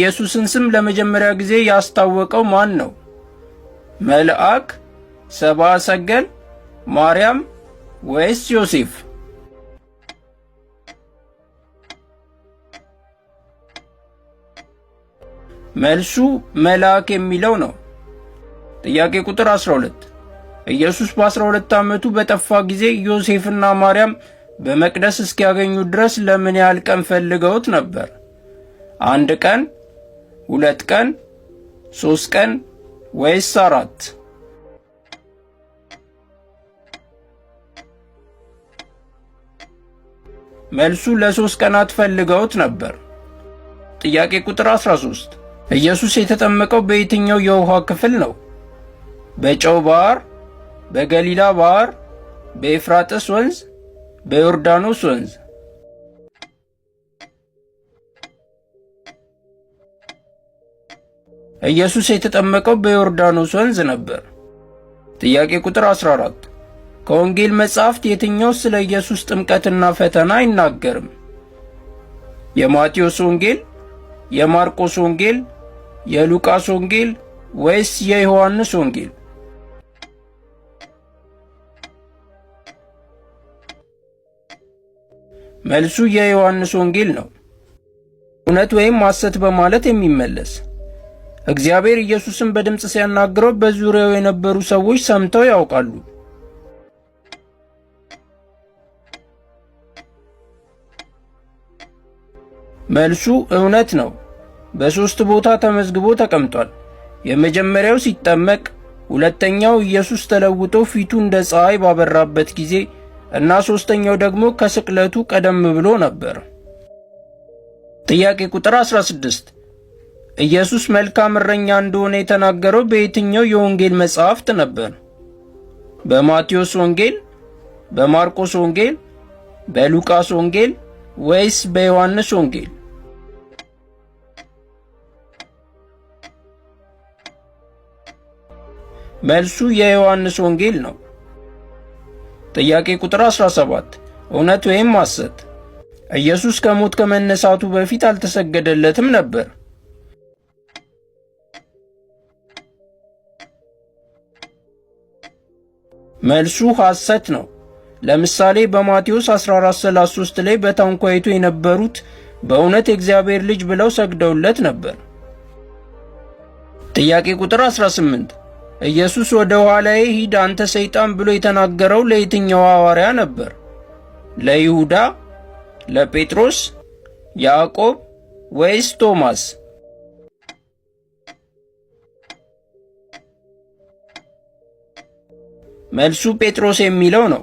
ኢየሱስን ስም ለመጀመሪያ ጊዜ ያስታወቀው ማን ነው? መልአክ፣ ሰብአ ሰገል፣ ማርያም ወይስ ዮሴፍ? መልሱ መልአክ የሚለው ነው። ጥያቄ ቁጥር 12 ኢየሱስ በ12 ዓመቱ በጠፋ ጊዜ ዮሴፍና ማርያም በመቅደስ እስኪያገኙት ድረስ ለምን ያህል ቀን ፈልገውት ነበር? አንድ ቀን ሁለት ቀን፣ ሶስት ቀን ወይስ አራት? መልሱ ለሶስት ቀናት ፈልገውት ነበር። ጥያቄ ቁጥር 13 ኢየሱስ የተጠመቀው በየትኛው የውሃ ክፍል ነው? በጨው ባህር፣ በገሊላ ባህር፣ በኤፍራጥስ ወንዝ፣ በዮርዳኖስ ወንዝ ኢየሱስ የተጠመቀው በዮርዳኖስ ወንዝ ነበር። ጥያቄ ቁጥር 14 ከወንጌል መጻሕፍት የትኛው ስለ ኢየሱስ ጥምቀትና ፈተና አይናገርም? የማቴዎስ ወንጌል፣ የማርቆስ ወንጌል፣ የሉቃስ ወንጌል ወይስ የዮሐንስ ወንጌል? መልሱ የዮሐንስ ወንጌል ነው። እውነት ወይም ሐሰት በማለት የሚመለስ እግዚአብሔር ኢየሱስን በድምፅ ሲያናግረው በዙሪያው የነበሩ ሰዎች ሰምተው ያውቃሉ። መልሱ እውነት ነው። በሦስት ቦታ ተመዝግቦ ተቀምጧል። የመጀመሪያው ሲጠመቅ፣ ሁለተኛው ኢየሱስ ተለውጦ ፊቱ እንደ ፀሐይ ባበራበት ጊዜ እና ሦስተኛው ደግሞ ከስቅለቱ ቀደም ብሎ ነበር። ጥያቄ ቁጥር 16 ኢየሱስ መልካም እረኛ እንደሆነ የተናገረው በየትኛው የወንጌል መጽሐፍት ነበር? በማቴዎስ ወንጌል፣ በማርቆስ ወንጌል፣ በሉቃስ ወንጌል ወይስ በዮሐንስ ወንጌል? መልሱ የዮሐንስ ወንጌል ነው። ጥያቄ ቁጥር 17 እውነት ወይም ሐሰት? ኢየሱስ ከሞት ከመነሳቱ በፊት አልተሰገደለትም ነበር። መልሱ ሐሰት ነው። ለምሳሌ በማቴዎስ 14:33 ላይ በታንኳይቱ የነበሩት በእውነት የእግዚአብሔር ልጅ ብለው ሰግደውለት ነበር። ጥያቄ ቁጥር 18 ኢየሱስ ወደ ኋላዬ ሂድ አንተ ሰይጣን ብሎ የተናገረው ለየትኛው ሐዋርያ ነበር? ለይሁዳ፣ ለጴጥሮስ፣ ያዕቆብ ወይስ ቶማስ? መልሱ ጴጥሮስ የሚለው ነው።